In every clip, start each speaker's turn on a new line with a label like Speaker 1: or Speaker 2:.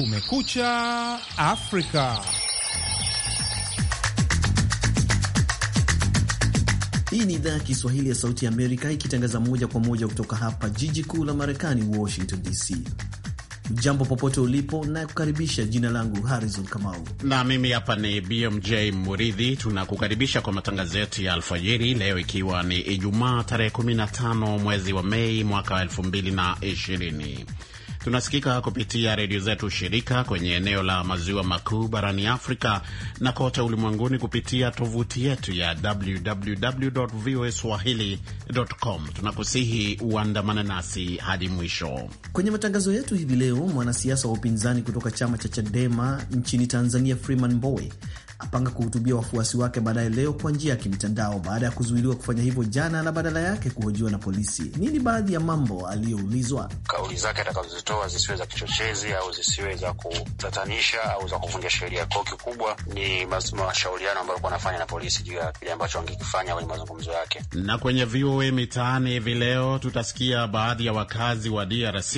Speaker 1: Kumekucha Afrika. Hii ni idhaa ya Kiswahili ya Sauti ya Amerika ikitangaza moja kwa moja kutoka hapa jiji kuu la Marekani, Washington DC. Jambo popote ulipo, kukaribisha. Jina langu Harrison Kamau
Speaker 2: na mimi hapa ni BMJ Muridhi. Tunakukaribisha kwa matangazo yetu ya alfajiri leo, ikiwa ni Ijumaa tarehe 15 mwezi wa Mei mwaka 2020. Tunasikika kupitia redio zetu shirika kwenye eneo la maziwa makuu barani Afrika na kote ulimwenguni kupitia tovuti yetu ya www.voaswahili.com. Tunakusihi uandamane nasi hadi mwisho
Speaker 1: kwenye matangazo yetu hivi leo. Mwanasiasa wa upinzani kutoka chama cha Chadema nchini Tanzania Freeman Mbowe apanga kuhutubia wafuasi wake baadaye leo kwa njia ya kimtandao baada ya kuzuiliwa kufanya hivyo jana na badala yake kuhojiwa na polisi. Nini baadhi ya mambo aliyoulizwa?
Speaker 3: Kauli zake atakazozitoa zisiwe za kichochezi au zisiwe za kutatanisha au za kuvunja sheria. Kwao kikubwa ni mashauriano ambayo alikuwa anafanya na polisi juu ya kile ambacho angekifanya kwenye mazungumzo yake.
Speaker 2: Na kwenye VOA Mitaani hivi leo tutasikia baadhi ya wakazi wa DRC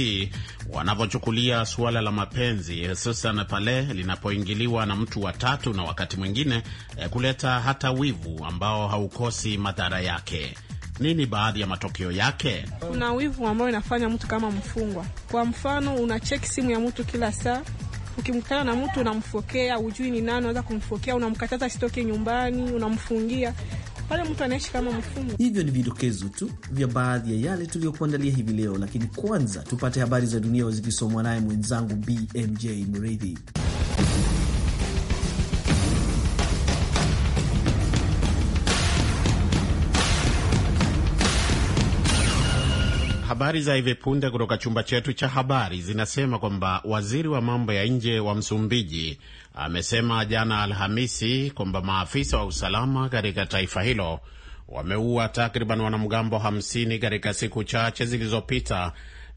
Speaker 2: wanavyochukulia suala la mapenzi, hususan pale linapoingiliwa na mtu watatu na wakati wakati mwingine eh, kuleta hata wivu ambao haukosi madhara yake. Nini baadhi ya matokeo yake?
Speaker 4: Kuna wivu ambayo inafanya mtu kama mfungwa. Kwa mfano, unacheki simu ya mtu kila saa Ukimkutana na mtu unamfokea, ujui ni nani, unaweza kumfokea, unamkataza sitoke nyumbani, unamfungia pale, mtu anaishi kama mfungwa.
Speaker 1: Hivyo ni vidokezo tu vya baadhi ya yale tuliyokuandalia hivi leo, lakini kwanza tupate habari za dunia zikisomwa naye mwenzangu BMJ Mridhi.
Speaker 2: Habari za hivi punde kutoka chumba chetu cha habari zinasema kwamba waziri wa mambo ya nje wa Msumbiji amesema jana Alhamisi kwamba maafisa wa usalama katika taifa hilo wameua takriban wanamgambo 50 katika siku chache zilizopita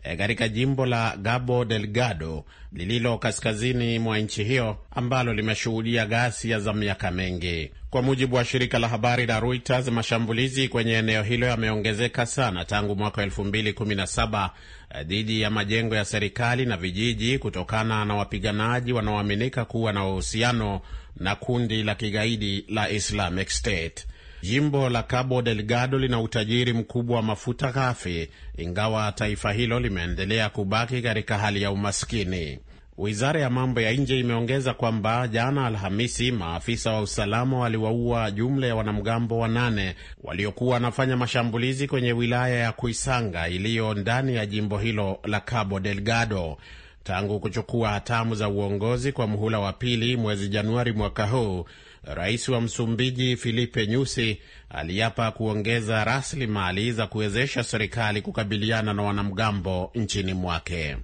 Speaker 2: Eh, katika jimbo la Gabo Delgado lililo kaskazini mwa nchi hiyo ambalo limeshuhudia ghasia za miaka mingi. Kwa mujibu wa shirika la habari la Reuters, mashambulizi kwenye eneo hilo yameongezeka sana tangu mwaka 2017 eh, dhidi ya majengo ya serikali na vijiji kutokana na wapiganaji wanaoaminika kuwa na uhusiano na kundi la kigaidi la Islamic State. Jimbo la Cabo Delgado lina utajiri mkubwa wa mafuta ghafi, ingawa taifa hilo limeendelea kubaki katika hali ya umaskini. Wizara ya mambo ya nje imeongeza kwamba jana Alhamisi, maafisa wa usalama waliwaua jumla ya wanamgambo wanane waliokuwa wanafanya mashambulizi kwenye wilaya ya Kuisanga iliyo ndani ya jimbo hilo la Cabo Delgado. Tangu kuchukua hatamu za uongozi kwa muhula wa pili mwezi Januari mwaka huu, Rais wa Msumbiji Filipe Nyusi aliapa kuongeza rasilimali za kuwezesha serikali kukabiliana na wanamgambo nchini mwake.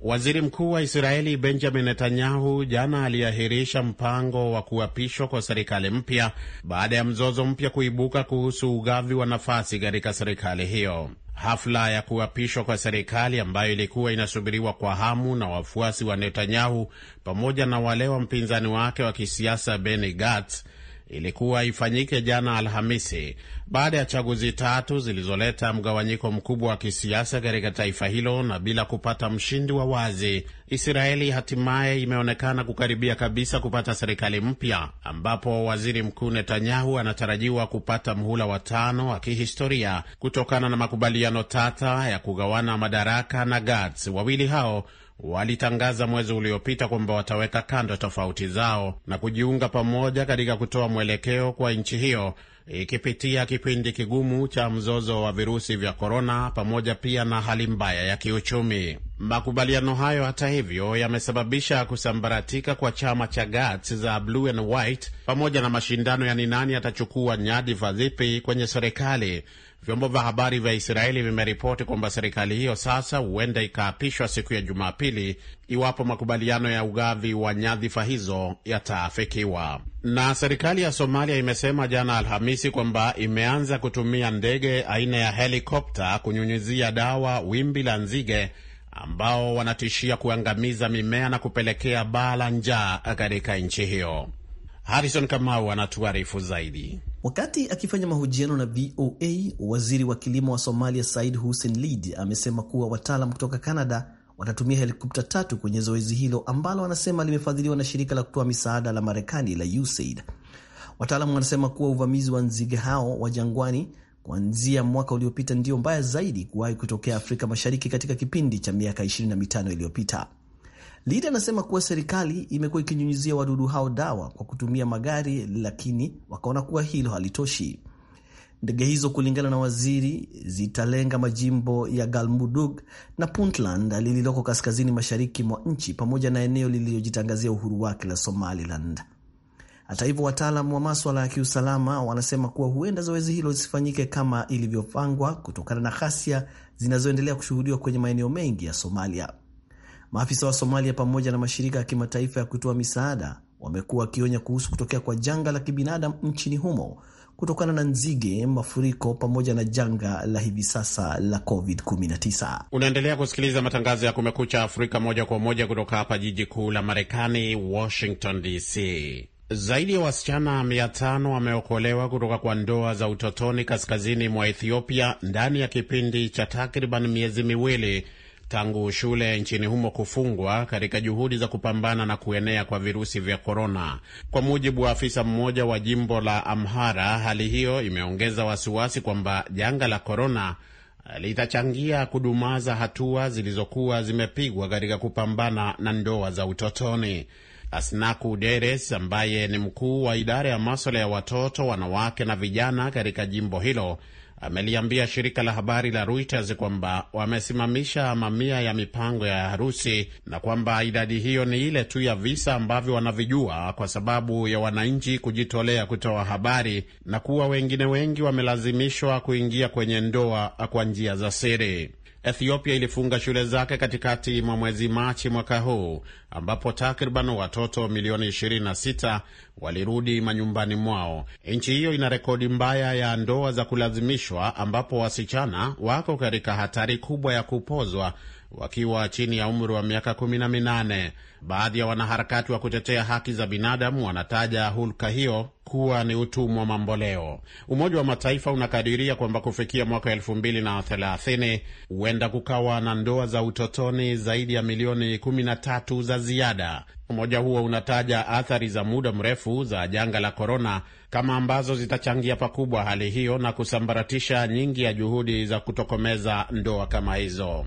Speaker 2: Waziri Mkuu wa Israeli Benjamin Netanyahu jana aliahirisha mpango wa kuapishwa kwa serikali mpya baada ya mzozo mpya kuibuka kuhusu ugavi wa nafasi katika serikali hiyo. Hafla ya kuapishwa kwa serikali ambayo ilikuwa inasubiriwa kwa hamu na wafuasi wa Netanyahu pamoja na wale wa mpinzani wake wa kisiasa Benny Gantz ilikuwa ifanyike jana Alhamisi baada ya chaguzi tatu zilizoleta mgawanyiko mkubwa wa kisiasa katika taifa hilo na bila kupata mshindi wa wazi. Israeli hatimaye imeonekana kukaribia kabisa kupata serikali mpya, ambapo waziri mkuu Netanyahu anatarajiwa kupata mhula wa tano wa kihistoria kutokana na makubaliano tata ya kugawana madaraka na Gats. Wawili hao walitangaza mwezi uliopita kwamba wataweka kando tofauti zao na kujiunga pamoja katika kutoa mwelekeo kwa nchi hiyo ikipitia kipindi kigumu cha mzozo wa virusi vya korona pamoja pia na hali mbaya ya kiuchumi. Makubaliano hayo hata hivyo yamesababisha kusambaratika kwa chama cha GATS za blue and white pamoja na mashindano ya ni nani atachukua nyadhifa zipi kwenye serikali Vyombo vya habari vya Israeli vimeripoti kwamba serikali hiyo sasa huenda ikaapishwa siku ya Jumapili iwapo makubaliano ya ugavi wa nyadhifa hizo yataafikiwa. Na serikali ya Somalia imesema jana Alhamisi kwamba imeanza kutumia ndege aina ya helikopta kunyunyizia dawa wimbi la nzige ambao wanatishia kuangamiza mimea na kupelekea baa la njaa katika nchi hiyo. Harrison Kamau anatuarifu zaidi.
Speaker 1: Wakati akifanya mahojiano na VOA, waziri wa kilimo wa Somalia Said Hussein Lid amesema kuwa wataalam kutoka Canada watatumia helikopta tatu kwenye zoezi hilo ambalo wanasema limefadhiliwa na shirika la kutoa misaada la Marekani la USAID. Wataalamu wanasema kuwa uvamizi wa nzige hao wa jangwani kuanzia mwaka uliopita ndio mbaya zaidi kuwahi kutokea Afrika Mashariki katika kipindi cha miaka 25 iliyopita. Lida anasema kuwa serikali imekuwa ikinyunyizia wadudu hao dawa kwa kutumia magari, lakini wakaona kuwa hilo halitoshi. Ndege hizo kulingana na waziri, zitalenga majimbo ya Galmudug na Puntland lililoko kaskazini mashariki mwa nchi pamoja na eneo lililojitangazia uhuru wake la Somaliland. Hata hivyo, wataalam wa maswala ya kiusalama wanasema kuwa huenda zoezi hilo lisifanyike kama ilivyopangwa kutokana na ghasia zinazoendelea kushuhudiwa kwenye maeneo mengi ya Somalia. Maafisa wa Somalia pamoja na mashirika ya kimataifa ya kutoa misaada wamekuwa wakionya kuhusu kutokea kwa janga la kibinadamu nchini humo kutokana na nzige, mafuriko pamoja na janga la hivi sasa la COVID-19.
Speaker 2: Unaendelea kusikiliza matangazo ya Kumekucha Afrika moja kwa moja kutoka hapa jiji kuu la Marekani, Washington DC. Zaidi ya wasichana 500 wameokolewa kutoka kwa ndoa za utotoni kaskazini mwa Ethiopia ndani ya kipindi cha takriban miezi miwili tangu shule nchini humo kufungwa katika juhudi za kupambana na kuenea kwa virusi vya korona. Kwa mujibu wa afisa mmoja wa jimbo la Amhara, hali hiyo imeongeza wasiwasi kwamba janga la korona eh, litachangia kudumaza hatua zilizokuwa zimepigwa katika kupambana na ndoa za utotoni. Asnaku Deres ambaye ni mkuu wa idara ya maswala ya watoto, wanawake na vijana katika jimbo hilo ameliambia shirika la habari la Reuters kwamba wamesimamisha mamia ya mipango ya harusi na kwamba idadi hiyo ni ile tu ya visa ambavyo wanavijua kwa sababu ya wananchi kujitolea kutoa habari na kuwa wengine wengi wamelazimishwa kuingia kwenye ndoa kwa njia za siri. Ethiopia ilifunga shule zake katikati mwa mwezi Machi mwaka huu ambapo takriban watoto milioni 26 walirudi manyumbani mwao. Nchi hiyo ina rekodi mbaya ya ndoa za kulazimishwa ambapo wasichana wako katika hatari kubwa ya kupozwa wakiwa chini ya umri wa miaka kumi na minane. Baadhi ya wanaharakati wa kutetea haki za binadamu wanataja hulka hiyo kuwa ni utumwa mamboleo. Umoja wa Mataifa unakadiria kwamba kufikia mwaka elfu mbili na thelathini huenda kukawa na ndoa za utotoni zaidi ya milioni kumi na tatu za ziada. Umoja huo unataja athari za muda mrefu za janga la korona kama ambazo zitachangia pakubwa hali hiyo na kusambaratisha nyingi ya juhudi za kutokomeza ndoa kama hizo.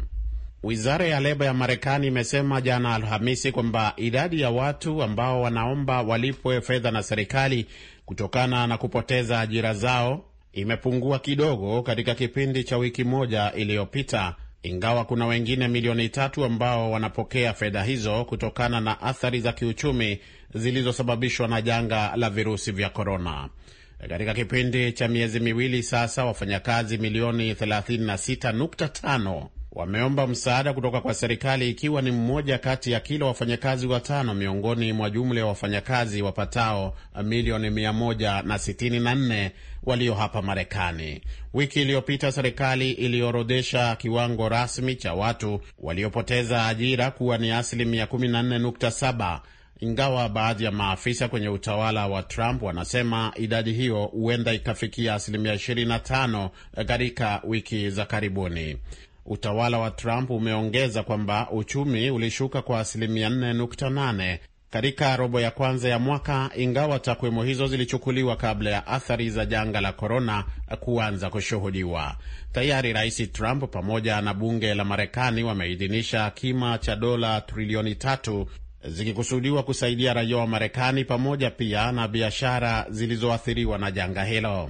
Speaker 2: Wizara ya leba ya Marekani imesema jana Alhamisi kwamba idadi ya watu ambao wanaomba walipwe fedha na serikali kutokana na kupoteza ajira zao imepungua kidogo katika kipindi cha wiki moja iliyopita, ingawa kuna wengine milioni tatu ambao wanapokea fedha hizo kutokana na athari za kiuchumi zilizosababishwa na janga la virusi vya korona. Katika kipindi cha miezi miwili sasa, wafanyakazi milioni 36.5 wameomba msaada kutoka kwa serikali, ikiwa ni mmoja kati ya kila wafanyakazi watano miongoni mwa jumla ya wafanyakazi wapatao milioni 164 walio hapa Marekani. Wiki iliyopita serikali iliorodhesha kiwango rasmi cha watu waliopoteza ajira kuwa ni asilimia 14.7 ingawa baadhi ya maafisa kwenye utawala wa Trump wanasema idadi hiyo huenda ikafikia asilimia 25 katika wiki za karibuni. Utawala wa Trump umeongeza kwamba uchumi ulishuka kwa asilimia 4.8 katika robo ya kwanza ya mwaka, ingawa takwimu hizo zilichukuliwa kabla ya athari za janga la korona kuanza kushuhudiwa. Tayari Rais Trump pamoja na bunge la Marekani wameidhinisha kima cha dola trilioni tatu zikikusudiwa kusaidia raia wa Marekani pamoja pia na biashara zilizoathiriwa na janga hilo.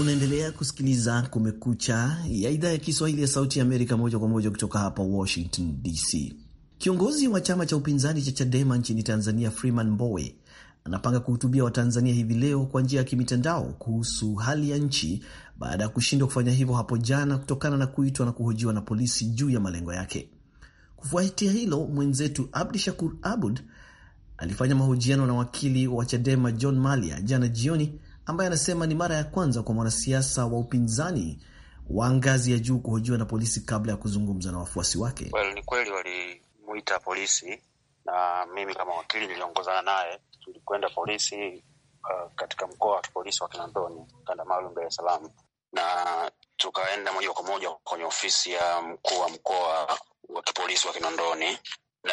Speaker 1: Unaendelea kusikiliza Kumekucha ya idhaa ya Kiswahili ya Sauti ya Amerika, moja kwa moja kutoka hapa Washington DC. Kiongozi wa chama cha upinzani cha Chadema nchini Tanzania, Freeman Mbowe, anapanga kuhutubia Watanzania hivi leo kwa njia ya kimitandao kuhusu hali ya nchi baada ya kushindwa kufanya hivyo hapo jana kutokana na kuitwa na kuhojiwa na polisi juu ya malengo yake. Kufuatia hilo, mwenzetu Abdi Shakur Abud alifanya mahojiano na wakili wa Chadema John Malia jana jioni ambaye anasema ni mara ya kwanza kwa mwanasiasa wa upinzani wa ngazi ya juu kuhojiwa na polisi kabla ya kuzungumza na wafuasi wake.
Speaker 5: Well, ni kweli
Speaker 3: walimuita polisi na mimi kama wakili niliongozana naye, tulikwenda polisi uh, katika mkoa wa kipolisi wa Kinondoni, kanda maalum Dar es Salaam, na tukaenda moja kwa moja kwenye ofisi ya mkuu wa mkoa wa kipolisi wa Kinondoni na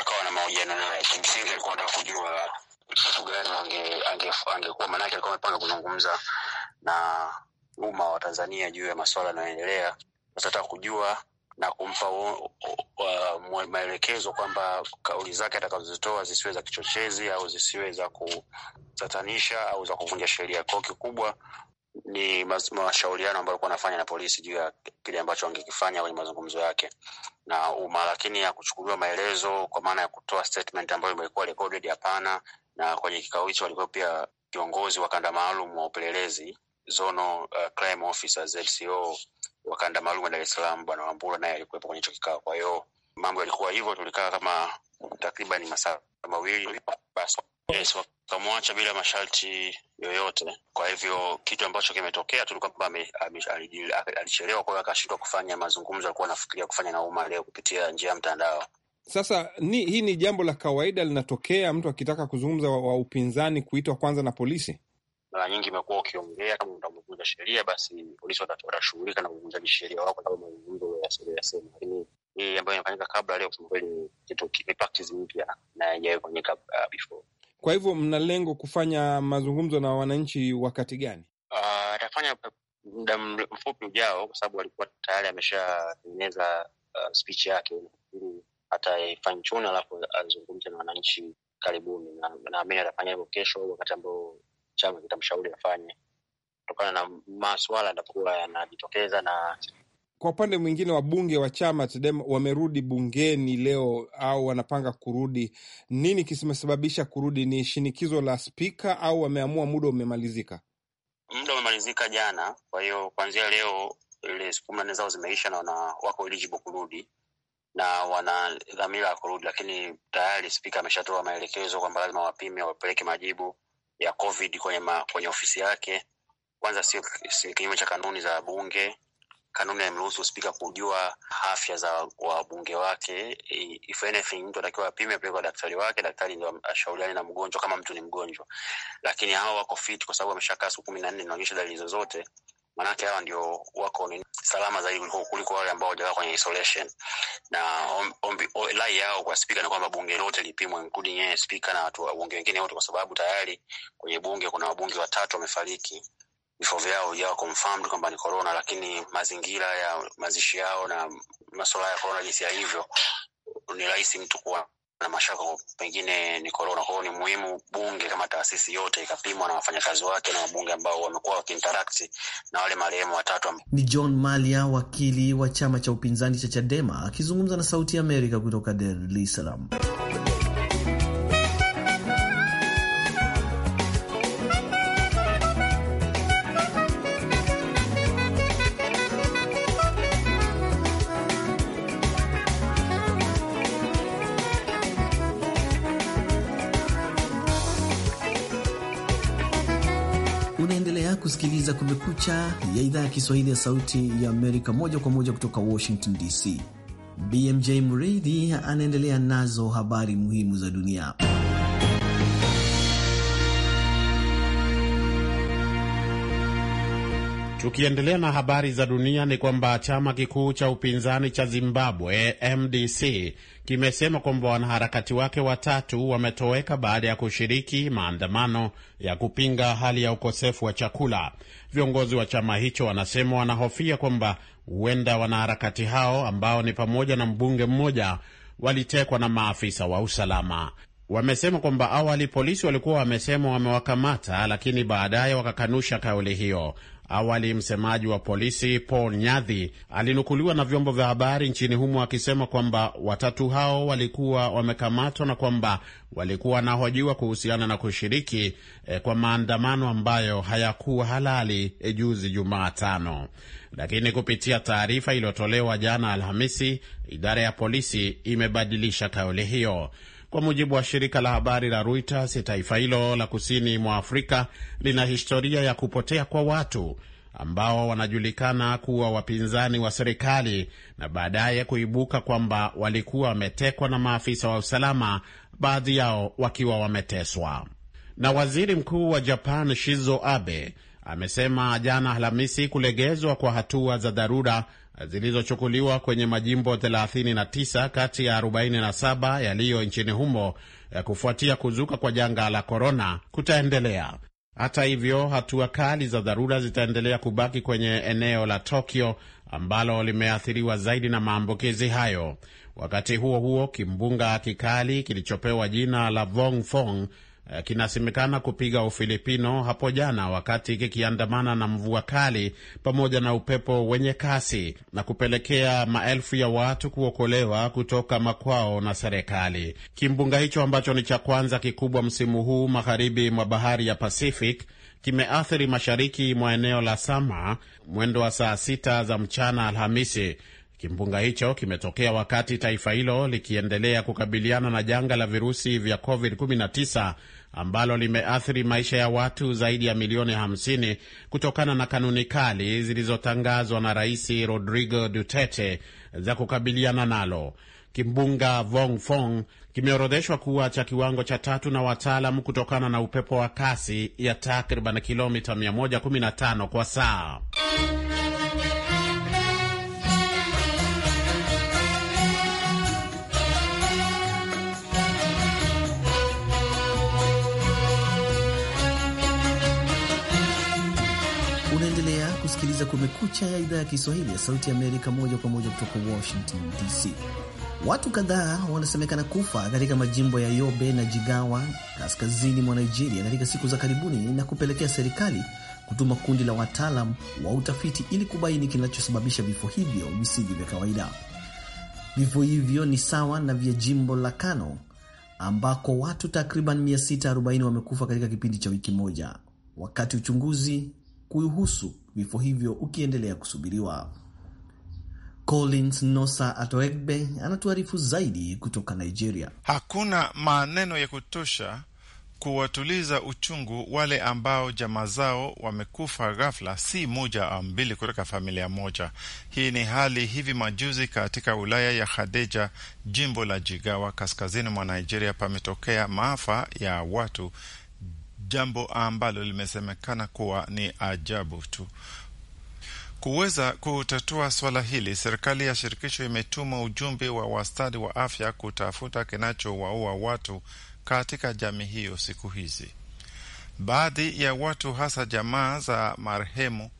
Speaker 3: akawa na mahojiano naye. Kimsingi alikuwa nataka kujua kitu gani angekuwa ange, ange, maanake alikuwa amepanga kuzungumza na umma wa Tanzania juu ya masuala yanayoendelea. Nataka kujua na kumpa uh, maelekezo kwamba kauli zake atakazozitoa zisiwe za kichochezi au zisiwe za kutatanisha au za kuvunja sheria. Kwao kikubwa ni mashauriano ambayo alikuwa anafanya na polisi juu ya kile ambacho angekifanya kwenye mazungumzo yake na umma, lakini ya kuchukuliwa maelezo kwa maana ya kutoa statement ambayo imekuwa recorded, hapana na kwenye kikao hicho walikuwa pia kiongozi wa kanda maalum wa upelelezi zono, uh, crime officer ZCO wa kanda maalum wa Dar es Salaam bwana Wambura naye alikuwepo kwenye hicho kikao. Kwa hiyo mambo yalikuwa hivyo, tulikaa kama takriban masaa mawili basi Yes, wakamwacha bila masharti yoyote. Kwa hivyo kitu ambacho kimetokea tu kwamba alichelewa, kwa hiyo akashindwa kufanya mazungumzo alikuwa anafikiria kufanya na umma leo kupitia njia ya mtandao.
Speaker 5: Sasa ni, hii ni jambo la kawaida linatokea, mtu akitaka kuzungumza wa, wa upinzani kuitwa kwanza na polisi.
Speaker 3: Mara nyingi imekuwa ukiongea kama utavunja sheria, basi polisi watashughulika na uvunjaji sheria wako, kama mazungumzo yasema. Lakini hii ambayo inafanyika kabla leo, kusema kweli, ni kitu ni practice mpya na haijawahi kufanyika uh, before.
Speaker 5: Kwa hivyo mna lengo kufanya mazungumzo na wananchi wakati gani?
Speaker 3: Uh, atafanya uh, muda mfupi ujao, kwa sababu alikuwa tayari ameshatengeneza uh, speech yake ili ataifanchuna alafu azungumze na wananchi karibuni, na naamini atafanya hivyo kesho au wakati ambao chama kitamshauri afanye, kutokana na maswala yatakuwa yanajitokeza na
Speaker 5: kwa upande mwingine wabunge wa chama Chadema wamerudi bungeni leo au wanapanga kurudi. Nini kisimesababisha kurudi? Ni shinikizo la spika au wameamua muda umemalizika?
Speaker 3: Muda umemalizika jana, kwa hiyo kuanzia leo ile siku kumi na nne zao zimeisha na wako eligible kurudi na wana dhamira ya kurudi, lakini tayari spika ameshatoa maelekezo kwamba lazima wapime, wapeleke majibu ya COVID kwenye, ma, kwenye ofisi yake. Kwanza sio kinyume cha kanuni za bunge. Kanuni ameruhusu spika kujua afya za wabunge wake. If anything, mtu anatakiwa apime, apeleke kwa daktari wake, daktari ndio ashauriane na mgonjwa kama mtu ni mgonjwa. Lakini hawa wako fit kwa sababu wameshakaa siku kumi na nne, inaonyesha dalili zozote maanake hawa ndio wako ni salama zaidi kuliko wale ambao wajakaa kwenye isolation. Na ombi lai yao kwa spika ni kwamba bunge lote lipimwe, including yeye spika na watu wabunge wengine wote, kwa sababu tayari kwenye bunge kuna wabunge watatu wamefariki vifo vyao ijawa confirmed kwamba ni corona, lakini mazingira ya mazishi yao na masuala ya corona jinsi hivyo ni rahisi mtu kuwa na mashaka pengine ni korona. Kwa hiyo ni muhimu bunge kama taasisi yote ikapimwa na wafanyakazi wake na wabunge ambao wamekuwa wakiinteract na wale marehemu watatu.
Speaker 1: Ni John Malia, wakili wa chama cha upinzani cha Chadema, akizungumza na Sauti ya Amerika kutoka Dar es Salaam. Kumekucha ya idhaa ya Kiswahili ya Sauti ya Amerika, moja kwa moja kutoka Washington DC. BMJ Mridhi anaendelea nazo habari muhimu za dunia.
Speaker 2: Tukiendelea na habari za dunia ni kwamba chama kikuu cha upinzani cha Zimbabwe MDC kimesema kwamba wanaharakati wake watatu wametoweka baada ya kushiriki maandamano ya kupinga hali ya ukosefu wa chakula. Viongozi wa chama hicho wanasema wanahofia kwamba huenda wanaharakati hao ambao ni pamoja na mbunge mmoja walitekwa na maafisa wa usalama wamesema kwamba awali polisi walikuwa wamesema wamewakamata, lakini baadaye wakakanusha kauli hiyo. Awali msemaji wa polisi Paul Nyadhi alinukuliwa na vyombo vya habari nchini humo akisema kwamba watatu hao walikuwa wamekamatwa na kwamba walikuwa wanahojiwa kuhusiana na kushiriki eh, kwa maandamano ambayo hayakuwa halali eh, juzi Jumatano. Lakini kupitia taarifa iliyotolewa jana Alhamisi, idara ya polisi imebadilisha kauli hiyo. Kwa mujibu wa shirika la habari la Reuters, taifa hilo la kusini mwa Afrika lina historia ya kupotea kwa watu ambao wanajulikana kuwa wapinzani wa serikali na baadaye kuibuka kwamba walikuwa wametekwa na maafisa wa usalama, baadhi yao wakiwa wameteswa. Na waziri mkuu wa Japan Shizo Abe amesema jana Alhamisi kulegezwa kwa hatua za dharura zilizochukuliwa kwenye majimbo 39 kati ya 47 yaliyo nchini humo ya eh, kufuatia kuzuka kwa janga la korona kutaendelea. Hata hivyo, hatua kali za dharura zitaendelea kubaki kwenye eneo la Tokyo ambalo limeathiriwa zaidi na maambukizi hayo. Wakati huo huo, kimbunga kikali kilichopewa jina la Fong Eh, kinasemekana kupiga Ufilipino hapo jana wakati kikiandamana na mvua kali pamoja na upepo wenye kasi na kupelekea maelfu ya watu kuokolewa kutoka makwao na serikali. Kimbunga hicho ambacho ni cha kwanza kikubwa msimu huu magharibi mwa bahari ya Pacific kimeathiri mashariki mwa eneo la Sama mwendo wa saa sita za mchana Alhamisi Kimbunga hicho kimetokea wakati taifa hilo likiendelea kukabiliana na janga la virusi vya COVID-19 ambalo limeathiri maisha ya watu zaidi ya milioni 50 kutokana na kanuni kali zilizotangazwa na Rais Rodrigo Duterte za kukabiliana nalo. Kimbunga vong fong kimeorodheshwa kuwa cha kiwango cha tatu na wataalam kutokana na upepo wa kasi ya takriban kilomita 115 kwa saa.
Speaker 1: kusikiliza Kumekucha ya idhaa ya Kiswahili ya Sauti ya Amerika, moja kwa moja kutoka Washington DC. Watu kadhaa wanasemekana kufa katika majimbo ya Yobe na Jigawa kaskazini mwa Nigeria katika siku za karibuni na kupelekea serikali kutuma kundi la wataalam wa utafiti ili kubaini kinachosababisha vifo hivyo visivyo vya kawaida. Vifo hivyo ni sawa na vya jimbo la Kano ambako watu takriban 640 wamekufa katika kipindi cha wiki moja, wakati uchunguzi kuhusu vifo hivyo ukiendelea kusubiriwa. Collins Nosa Atoegbe anatuarifu zaidi kutoka Nigeria.
Speaker 6: Hakuna maneno ya kutosha kuwatuliza uchungu wale ambao jamaa zao wamekufa ghafla, si moja au ah, mbili kutoka familia moja. Hii ni hali hivi majuzi katika wilaya ya Hadeja, jimbo la Jigawa, kaskazini mwa Nigeria, pametokea maafa ya watu jambo ambalo limesemekana kuwa ni ajabu tu. Kuweza kutatua swala hili, serikali ya shirikisho imetuma ujumbe wa wastadi wa afya kutafuta kinachowaua watu katika jamii hiyo siku hizi. Baadhi ya watu, hasa jamaa za marehemu,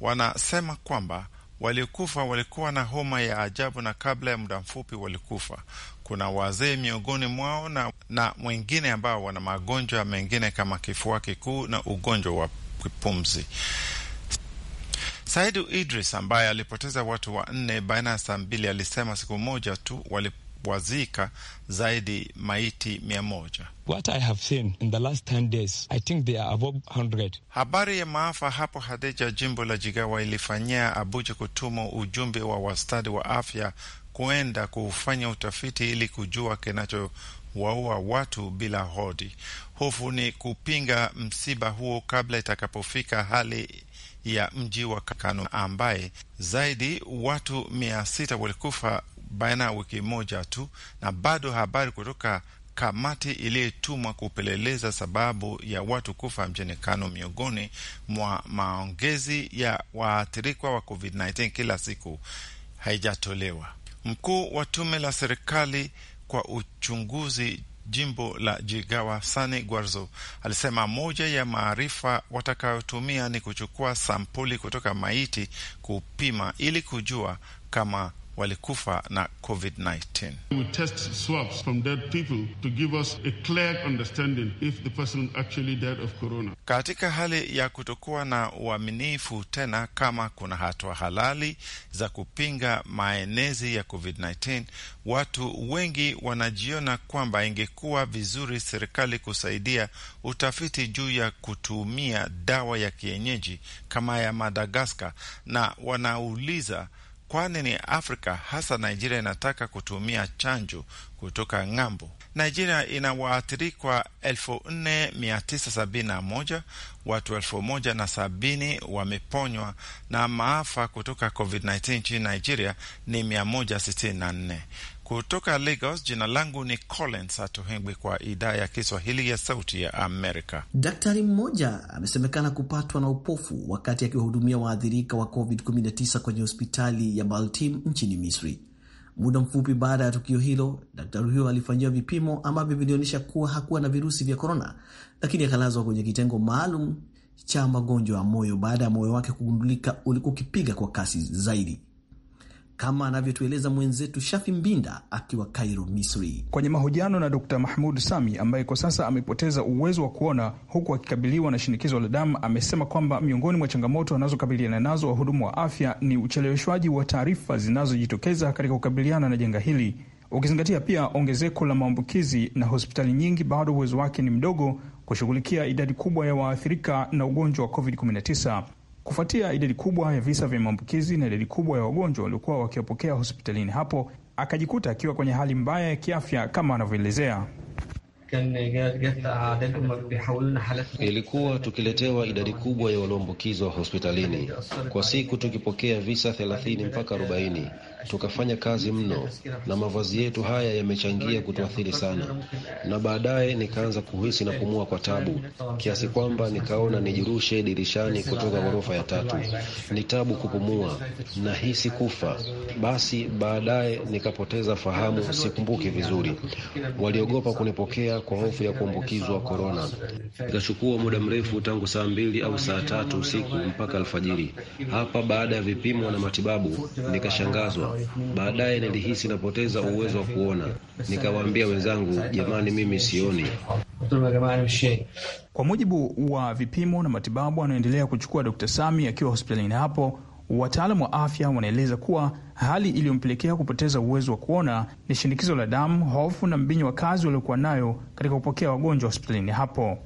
Speaker 6: wanasema kwamba walikufa walikuwa na homa ya ajabu na kabla ya muda mfupi walikufa kuna wazee miongoni mwao na, na wengine ambao wana magonjwa mengine kama kifua kikuu na ugonjwa wa kipumzi. Saidu Idris ambaye alipoteza watu wanne baina ya saa mbili alisema siku moja tu waliwazika zaidi maiti mia moja. What I have seen in the last 10
Speaker 5: days, I think they are above 100.
Speaker 6: Habari ya maafa hapo Hadija, jimbo la Jigawa, ilifanyia Abuja kutumwa ujumbe wa wastadi wa afya kwenda kufanya utafiti ili kujua kinachowaua watu bila hodi. Hofu ni kupinga msiba huo kabla itakapofika hali ya mji wa Kano ambaye zaidi watu mia sita walikufa baina ya wiki moja tu, na bado habari kutoka kamati iliyetumwa kupeleleza sababu ya watu kufa mjini Kano miongoni mwa maongezi ya waathirikwa wa COVID-19 kila siku haijatolewa. Mkuu wa tume la serikali kwa uchunguzi jimbo la Jigawa, Sani Gwarzo, alisema moja ya maarifa watakayotumia ni kuchukua sampuli kutoka maiti kupima ili kujua kama walikufa na COVID-19. We test swabs from dead people to give us a clear understanding if the person actually of corona. Katika hali ya kutokuwa na uaminifu tena kama kuna hatua halali za kupinga maenezi ya COVID-19, watu wengi wanajiona kwamba ingekuwa vizuri serikali kusaidia utafiti juu ya kutumia dawa ya kienyeji kama ya Madagaskar na wanauliza kwani ni Afrika hasa Nigeria inataka kutumia chanjo kutoka ng'ambo. Nigeria ina waathirikwa watu 170 wameponywa na maafa kutoka COVID-19 nchini Nigeria ni 164 kutoka Lagos, jina langu ni Collins Atohengwi kwa idhaa ya Kiswahili ya Sauti ya Amerika.
Speaker 1: Daktari mmoja amesemekana kupatwa na upofu wakati akiwahudumia waathirika wa COVID-19 kwenye hospitali ya Baltim nchini Misri. Muda mfupi baada ya tukio hilo, daktari huyo alifanyiwa vipimo ambavyo vilionyesha kuwa hakuwa na virusi vya korona, lakini akalazwa kwenye kitengo maalum cha magonjwa ya moyo baada ya moyo wake kugundulika ulikuwa ukipiga
Speaker 5: kwa kasi zaidi kama anavyotueleza mwenzetu Shafi Mbinda akiwa Kairo, Misri. Kwenye mahojiano na Dr Mahmud Sami ambaye kwa sasa amepoteza uwezo wa kuona huku akikabiliwa na shinikizo la damu, amesema kwamba miongoni mwa changamoto anazokabiliana nazo wahudumu wa afya ni ucheleweshwaji wa taarifa zinazojitokeza katika kukabiliana na janga hili, ukizingatia pia ongezeko la maambukizi na hospitali nyingi bado uwezo wake ni mdogo kushughulikia idadi kubwa ya waathirika na ugonjwa wa COVID-19 kufuatia idadi kubwa ya visa vya maambukizi na idadi kubwa ya wagonjwa waliokuwa wakiwapokea hospitalini hapo, akajikuta akiwa kwenye hali mbaya ya kiafya kama anavyoelezea.
Speaker 7: Ilikuwa tukiletewa idadi kubwa ya walioambukizwa hospitalini kwa siku, tukipokea visa 30 mpaka 40 tukafanya kazi mno, na mavazi yetu haya yamechangia kutuathiri sana, na baadaye nikaanza kuhisi na kumua kwa tabu kiasi kwamba nikaona nijirushe dirishani kutoka ghorofa ya tatu. Ni tabu kupumua, nahisi kufa. Basi baadaye nikapoteza fahamu, sikumbuki vizuri. Waliogopa kunipokea kwa hofu ya kuambukizwa korona. Ikachukua muda mrefu tangu saa mbili au saa tatu usiku mpaka alfajiri. Hapa baada ya vipimo na matibabu nikashangazwa Baadaye nilihisi napoteza uwezo wa kuona, nikawaambia wenzangu, jamani, mimi sioni.
Speaker 5: Kwa mujibu wa vipimo na matibabu anaoendelea kuchukua Dr. Sami akiwa hospitalini hapo, wataalamu wa afya wanaeleza kuwa hali iliyompelekea kupoteza uwezo wa kuona ni shinikizo la damu, hofu na mbinyo wa kazi waliokuwa nayo katika kupokea wagonjwa hospitalini hapo.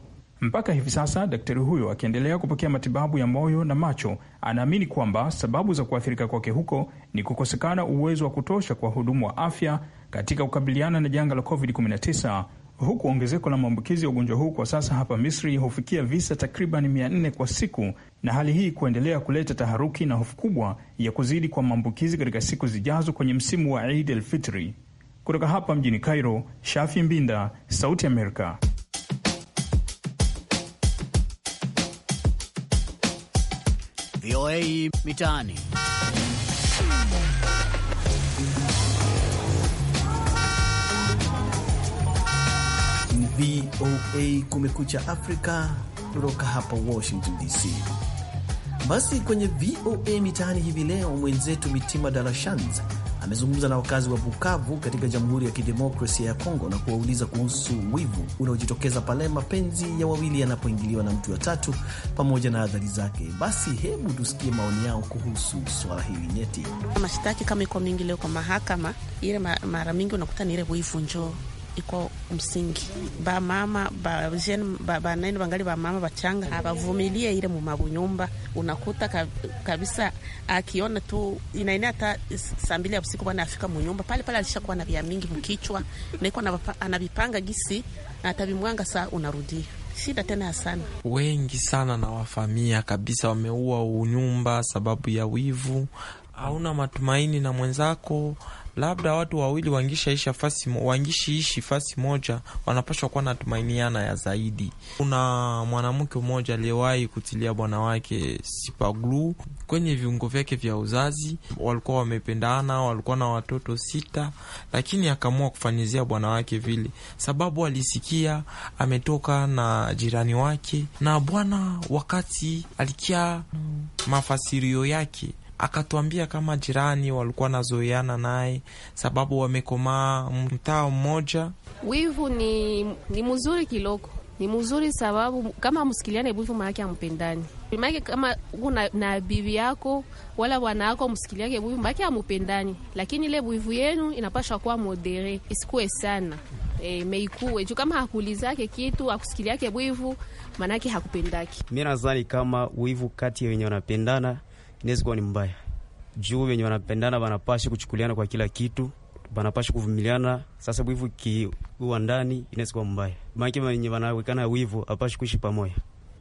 Speaker 5: Mm. Mpaka hivi sasa daktari huyo akiendelea kupokea matibabu ya moyo na macho, anaamini kwamba sababu za kuathirika kwake huko ni kukosekana uwezo wa kutosha kwa wahudumu wa afya katika kukabiliana na janga la COVID-19, huku ongezeko la maambukizi ya ugonjwa huu kwa sasa hapa Misri hufikia visa takriban 400 kwa siku, na hali hii kuendelea kuleta taharuki na hofu kubwa ya kuzidi kwa maambukizi katika siku zijazo kwenye msimu wa Eid el Fitri. Kutoka hapa mjini Cairo, Shafi Mbinda, Sauti Amerika.
Speaker 3: VOA Mitaani.
Speaker 1: VOA Kumekucha Afrika kutoka hapa Washington DC. Basi kwenye VOA Mitaani hivi leo mwenzetu Mitima Dalashans amezungumza na wakazi wa Bukavu katika Jamhuri ya Kidemokrasia ya Kongo na kuwauliza kuhusu wivu unaojitokeza pale mapenzi ya wawili yanapoingiliwa na mtu wa tatu pamoja na adhari zake. Basi hebu tusikie maoni yao kuhusu swala hili nyeti.
Speaker 8: Mashtaki kama iko mingi leo kwa mahakama, ile mara mingi unakuta ni ile wivu njoo iko msingi ba mama ba jeni ba banani bangali ba mama bachanga abavumilie ile mu mabunyumba, unakuta kabisa akiona tu inaenea hata saa mbili ya usiku bwana afika mu nyumba pale pale, alishakuwa na vya mingi mkichwa na iko anavipanga gisi atavimwanga saa unarudia shida tena
Speaker 9: sana. Wengi sana na wafamia kabisa wameua unyumba sababu ya wivu, hauna matumaini na mwenzako labda watu wawili wangishaisha fasi wangishiishi fasi moja, wanapashwa kuwa na tumainiana ya zaidi. Kuna mwanamke mmoja aliyewahi kutilia bwana wake sipaglu kwenye viungo vyake vya uzazi. Walikuwa wamependana, walikuwa na watoto sita, lakini akaamua kufanyizia bwana wake vile, sababu alisikia ametoka na jirani wake na bwana, wakati alikia mafasirio yake akatuambia kama jirani walikuwa nazoeana naye sababu wamekomaa mtaa mmoja.
Speaker 8: Wivu ni, ni mzuri kiloko ni mzuri sababu kama msikiliane bivu maake ampendani maake kama una na na bibi yako wala bwana wako msikiliake bivu maake amupendani, lakini ile bivu yenu inapasha kuwa modere, isikuwe sana e, meikuwe juu kama hakulizake kitu akusikiliake bivu manake hakupendaki.
Speaker 3: Mi nazani kama wivu kati ya wenye wanapendana inaweza kuwa ni mbaya juu wenye wanapendana wanapashi kuchukuliana kwa kila kitu, wanapashi kuvumiliana. Sasa wivu kiwa ndani inaweza kuwa mbaya, maanake wenye wanawekana wivu apashi kuishi pamoja,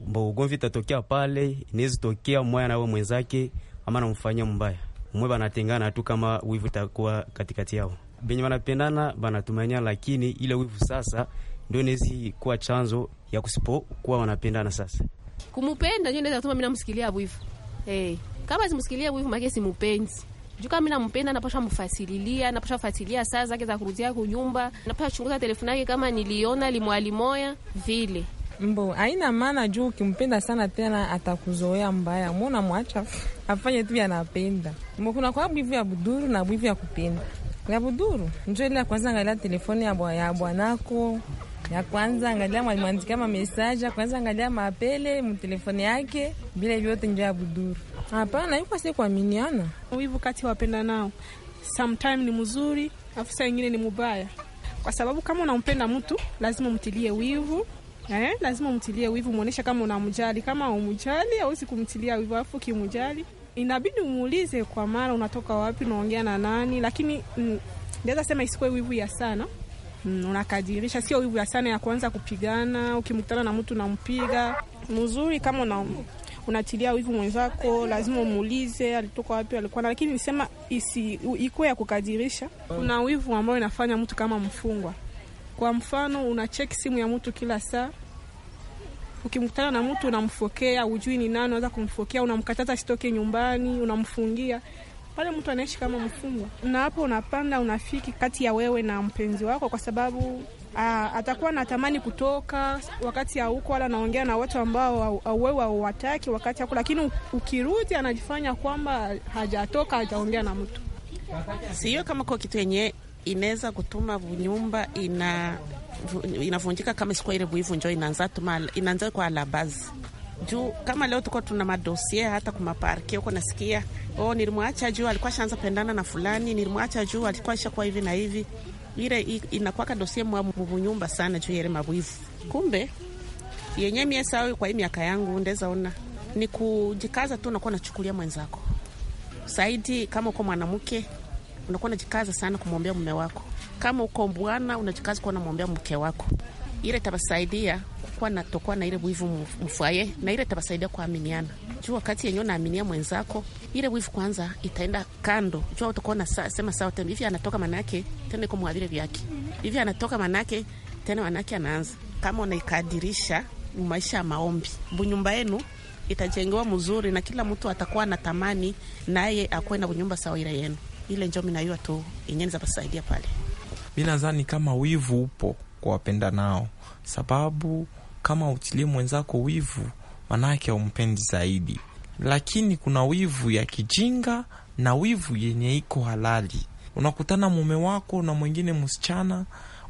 Speaker 3: mbo ugomvi itatokea pale. Inaweza tokea mmoja nawe mwenzake ama namfanyia mbaya, mwe wanatengana tu kama wivu itakuwa katikati yao. Venye wanapendana wanatumania, lakini ile wivu sasa ndio inaweza kuwa chanzo ya kusipokuwa wanapendana. Sasa
Speaker 8: kumupenda ndio inaweza kutuma mimi namsikilia wivu hey. Eh. Kama simsikilie wivu make simupenzi. Juu kama nampenda napasha mfasililia, napasha fatilia saa zake za kurudia kunyumba, napasha chunguza telefoni yake kama niliona limwalimoya vile.
Speaker 4: Mbo, aina maana juu ukimpenda sana tena atakuzoea mbaya. Mbona mwacha afanye tu yanapenda. Mbo kuna kwa bwivu ya buduru na bwivu ya kupenda. Ya buduru, njoo ile ya kwanza angalia telefoni ya bwana bwanako. Ya kwanza angalia mwalimwandikia mamesaji, ya kwanza angalia mapele mu telefoni yake, bila vyote njoo ya buduru. Hapana, iko si kuaminiana Wivu kati wapenda nao, sometime ni mzuri, afu saa nyingine ni mubaya, kwa sababu kama unampenda mtu lazima umtilie wivu eh, lazima umtilie wivu, muonesha kama unamjali. Kama umjali hauwezi kumtilia wivu, afu kimjali inabidi umuulize kwa mara, unatoka wapi, unaongea na nani, lakini mm, ndaweza sema isikuwe wivu ya sana. Mm, unakadirisha, sio wivu ya sana ya kuanza kupigana. Ukimkutana na mtu unampiga mzuri, kama unatilia wivu mwenzako, lazima umuulize alitoka wapi, alikuwa na lakini nisema isi ikuwe ya kukadirisha. Kuna wivu ambayo inafanya mtu kama mfungwa. Kwa mfano, unacheki simu ya mtu kila saa Ukimkutana na mtu unamfokea, ujui ni nani, unaweza kumfokea, unamkataza sitoke nyumbani, unamfungia pale. Mtu anaishi kama mfungwa, na hapo unapanda unafiki kati ya wewe na mpenzi wako, kwa sababu Aa, ah, atakuwa natamani kutoka wakati ya huko, wala naongea na watu ambao wewe hauwataki wakati hauko, lakini ukirudi anajifanya kwamba hajatoka hajaongea na mtu.
Speaker 8: Sio kama kwa kitu yenye inaweza kutuma nyumba ina inavunjika kama sikuwa ile buivu njoo inaanza tuma inaanza kwa alabazi juu kama leo tuko tuna madosie hata kwa maparki huko, nasikia oh, nilimwacha juu alikuwa shaanza pendana na fulani, nilimwacha juu alikuwa shakuwa hivi na hivi ile inakwaka dosie mwa mvunyumba sana juu yale mabwivu. Kumbe yenye mie sawi kwa hii miaka yangu ndezaona ni kujikaza tu, unakuwa unachukulia mwenzako saidi. Kama uko mwanamke, unakuwa unajikaza sana kumwombea mume wako kama uko bwana unachikazi kuwa namwambia mke wako, ile tabasaidia kuwa natokwa na ile wivu mfaye, na ile tabasaidia kuaminiana juu wakati yenyewe naaminia mwenzako, ile wivu kwanza itaenda kando. Jua utakuwa na sa, sema sawa tena hivi anatoka manake tena iko mwavile vyake hivi anatoka manake tena manake anaanza kama unaikadirisha maisha ya maombi bunyumba yenu itajengewa mzuri na kila mtu atakuwa anatamani naye akuwe na bunyumba sawa ile yenu. Ile na minayua tu yenyewe za basaidia pale
Speaker 9: mi nadhani kama wivu upo kwa wapenda nao, sababu kama utilie mwenzako wivu, manake aumpendi zaidi. Lakini kuna wivu ya kijinga na wivu yenye iko halali. Unakutana mume wako na mwingine msichana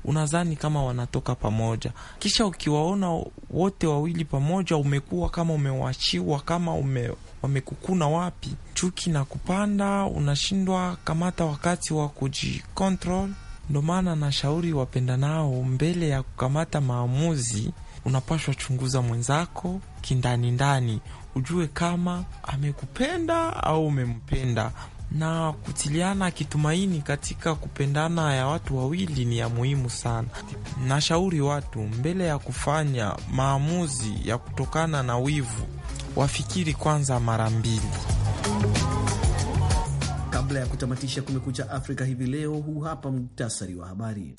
Speaker 9: unadhani kama wanatoka pamoja, kisha ukiwaona wote wawili pamoja, umekuwa kama umewachiwa, kama ume, wamekukuna wapi, chuki na kupanda, unashindwa kamata wakati wa kujikontrol Ndo maana nashauri wapendanao, mbele ya kukamata maamuzi, unapashwa chunguza mwenzako kindani ndani, ujue kama amekupenda au umempenda na kutiliana kitumaini katika kupendana ya watu wawili ni ya muhimu sana. Nashauri watu mbele ya kufanya maamuzi ya kutokana na wivu wafikiri kwanza mara mbili.
Speaker 1: Kabla ya kutamatisha Kumekucha Afrika hivi leo, huu hapa muktasari wa habari.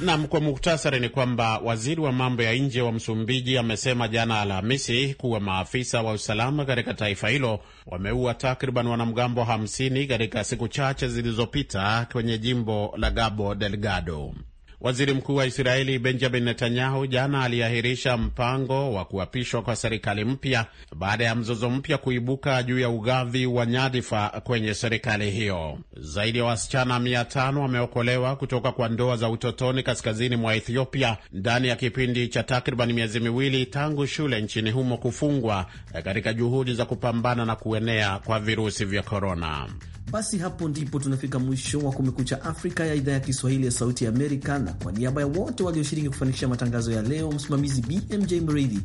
Speaker 2: Nam, kwa muktasari ni kwamba waziri wa mambo ya nje wa Msumbiji amesema jana Alhamisi kuwa maafisa wa usalama katika taifa hilo wameua takriban wanamgambo 50 katika siku chache zilizopita kwenye jimbo la gabo Delgado. Waziri mkuu wa Israeli Benjamin Netanyahu jana aliahirisha mpango wa kuapishwa kwa serikali mpya baada ya mzozo mpya kuibuka juu ya ugavi wa nyadhifa kwenye serikali hiyo. Zaidi ya wasichana mia tano wameokolewa kutoka kwa ndoa za utotoni kaskazini mwa Ethiopia ndani ya kipindi cha takriban miezi miwili tangu shule nchini humo kufungwa katika juhudi za kupambana na kuenea kwa virusi vya korona.
Speaker 1: Basi hapo ndipo tunafika mwisho wa Kumekucha Afrika ya idhaa ya Kiswahili ya Sauti ya Amerika, na kwa niaba ya wote walioshiriki kufanikisha matangazo ya leo, msimamizi BMJ Mridhi,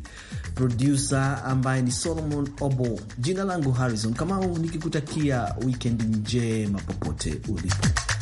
Speaker 1: produsa ambaye ni Solomon Obo, jina langu Harrison Kamau, nikikutakia wikendi njema popote ulipo.